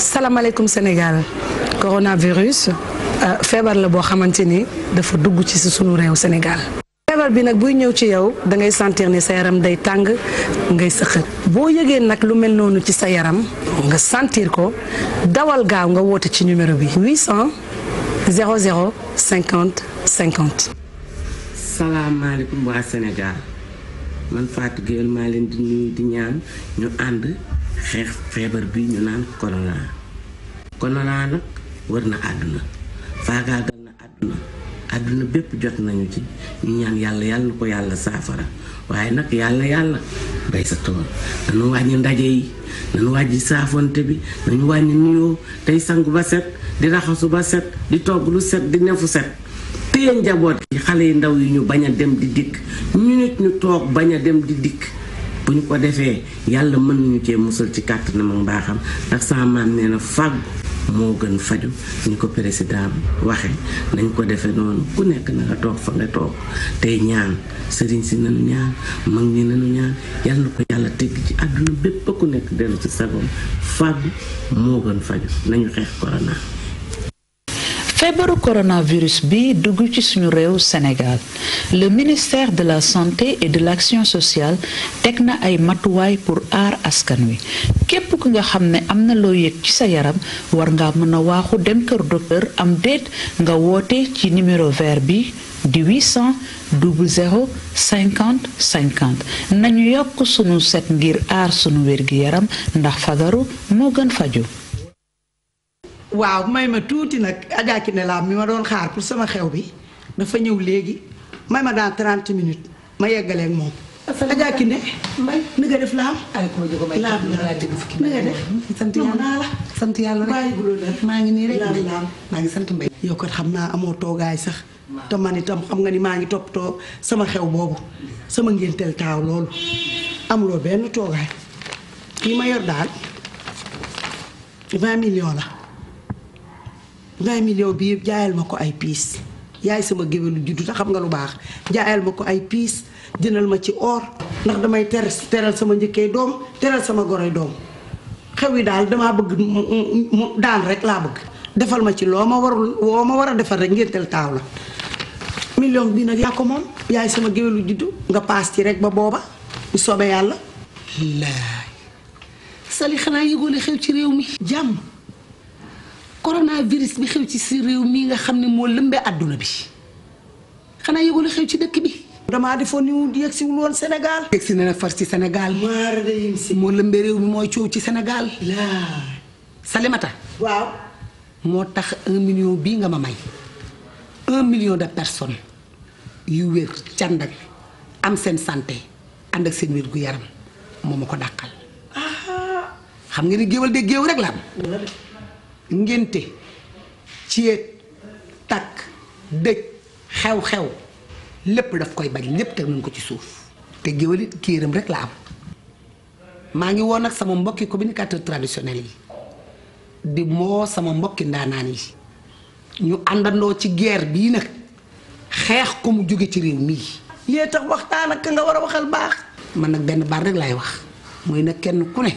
salaamaaleykum Sénégal coronavirus euh, feebar la boo xamante ni dafa dugg ci sunu réew Sénégal. feebar bi nag buy ñëw ci yow dangay ngay sentir ni sa yaram day tàng ngay sëqët boo yëgee nag lu mel noonu ci sa yaram nga sentir ko dawal gaaw nga woote ci numéro bi 800 00 50 50. salaamaaleykum waa Sénégal man Fatou Gueye maa leen di nuyu di ñaan ñu ànd. xeex feebar bi ñu naan corona corona nag wër na àdduna faagaagal na àdduna àdduna bépp jot nañu ci ñu ñaan yàlla yàlla nu ko yàlla saafara waaye nag yàlla yàlla bay sa tool nañu wàññi ndaje yi nañu wàññi saafonte bi nañu wàññi nuyoo tey sangu ba set di raxasu ba set di togg lu set di nefu set téye njaboot yi xale yu ndaw yi ñu bañ a dem di dikk ñu nit ñu toog bañ a dem di dikk bu ñu ko defee yàlla mën nañu cee musal ci kàttanam ak mbaaxam ndax sama maam nee na fàggu moo gën faju ni ko président waxe nañ ko defee noonu ku nekk na toog fa nga toog tey ñaan sëriñ si nanu ñaan mag ñi nanu ñaan yàlla na ko yàlla tegg ci àdduna bépp ku nekk dellu ci sagoom fàggu moo gën faju nañu xeex corona feebaru coronavirus bi dugg ci suñu réew senegal le ministère de la santé et de l'action sociale teg na ay matuwaay pour aar askan wi képp ku nga xam ne am na loo yëg ci sa yaram war nga mën a waaxu dem kër docteur am déet nga woote ci numéro vert bi di 800 00 50 50 nañu yokk sunu set ngir aar sunu wér-gi-yaram ndax fagaru moo gën faju waaw may ma tuuti nag Adja Kiné Lam mi ma doon xaar pour sama xew bi dafa ñëw léegi may ma dans 30 minutes ma yeggaleek moom. Adja Kiné def laam. ko def. sant yàlla sant yàlla maa ngi nii rek maa ngi sant mbay. yow xam naa amoo toogaay sax. te man itam xam nga ni maa ngi toppatoo sama xew boobu sama ngénteel taaw loolu amuloo benn toogaay li ma yor daal 20 millions la. vingt millions bi yëpp jaayal ma ko ay piis yaay sama géwélu juddu te xam nga lu baax jaayal ma ko ay piis jëndal ma ci or ndax damay ter teral sama njëkkee doom teral sama goroy doom xew yi daal damaa bëgg mu daan rek laa bëgg defal ma ci loo ma warul woo ma war a defar rek ngéntel taaw la million bi nag yaa ko moom yaay sama géwélu juddu nga paas ci rek ba booba soobe yàlla laay sali xanaa yëgoo xew ci réew mi jàmm coronavirus bi xew ci si réew mii nga xam ne moo lëmbee àdduna bi xanaa yëgul xew ci dëkk bi. damaa defoon ni yegg si wul woon Sénégal. si na nag far ci Sénégal. moo lëmbee réew mi mooy coow ci Sénégal. Salimata. moo tax un million bii nga ma may un million de personne yu wér candak am seen santé ànd ak seen wér gu yaram moo ma ko dàqal. Ah. xam nga ni géwal de géew rek la am. ngénte céet takk dëj xew-xew lépp daf koy bañ lépp te nañ ko ci suuf te géwélit kiiram rek la am maa ngi woon ak sama mbokki communicateur traditionel yi di moo sama mbokki ndaanaan yi ñu àndandoo ci geer bii nag xeex ko mu jóge ci réew mii lee tax waxtaan ak ka nga war a waxal baax man nag benn baat rek laay wax mooy nag kenn ku ne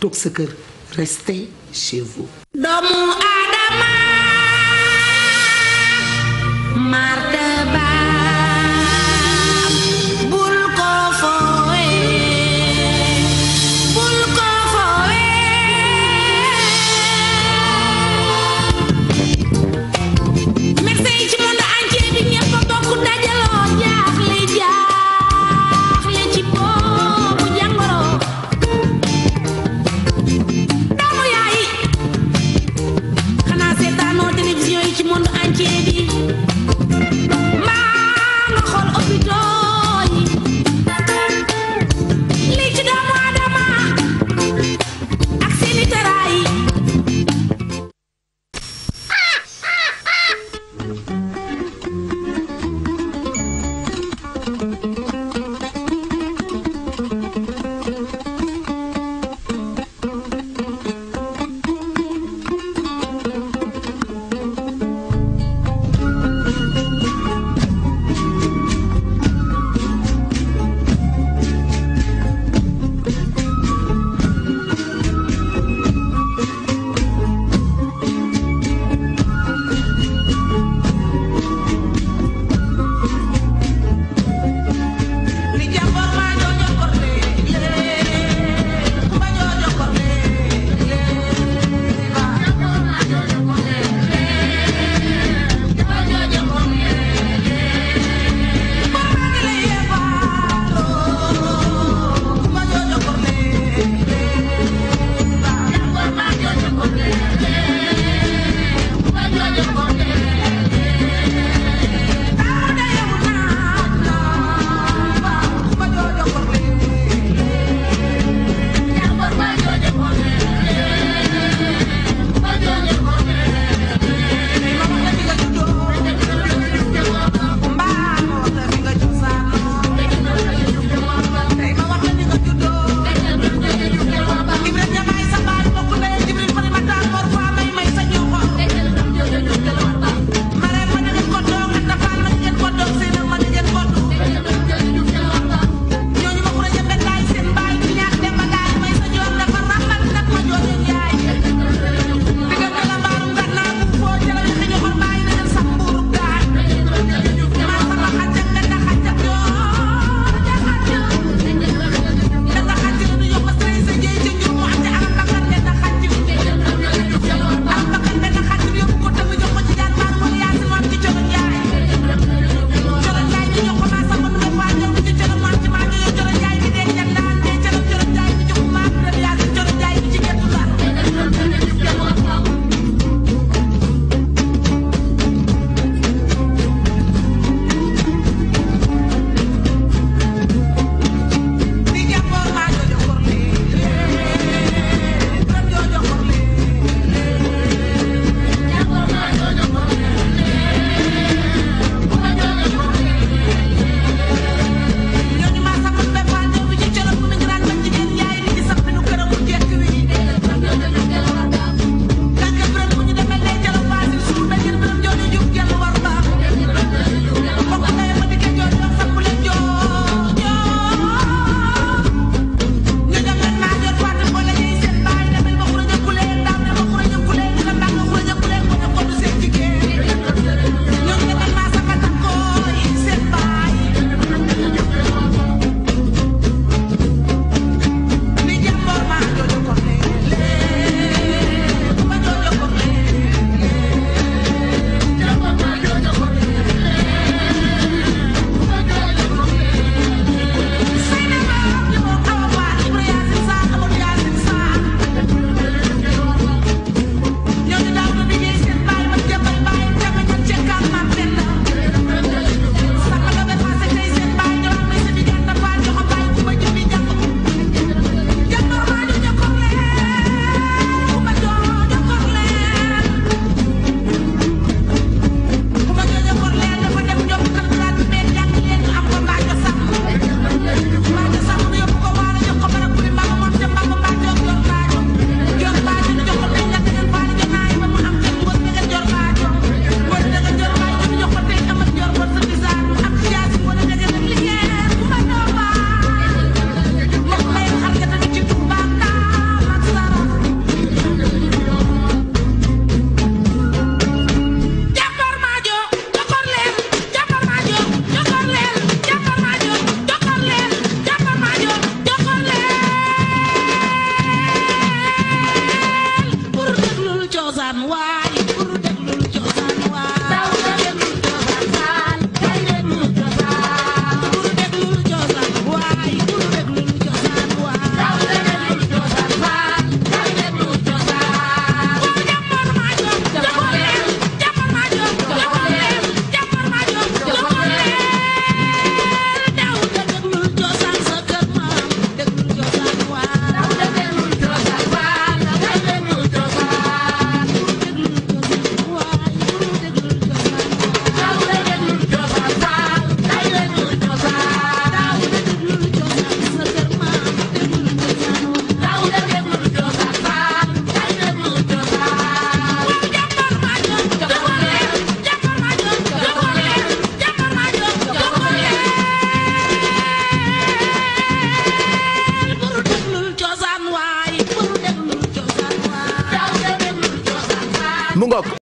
toog sa kër rester chez vous.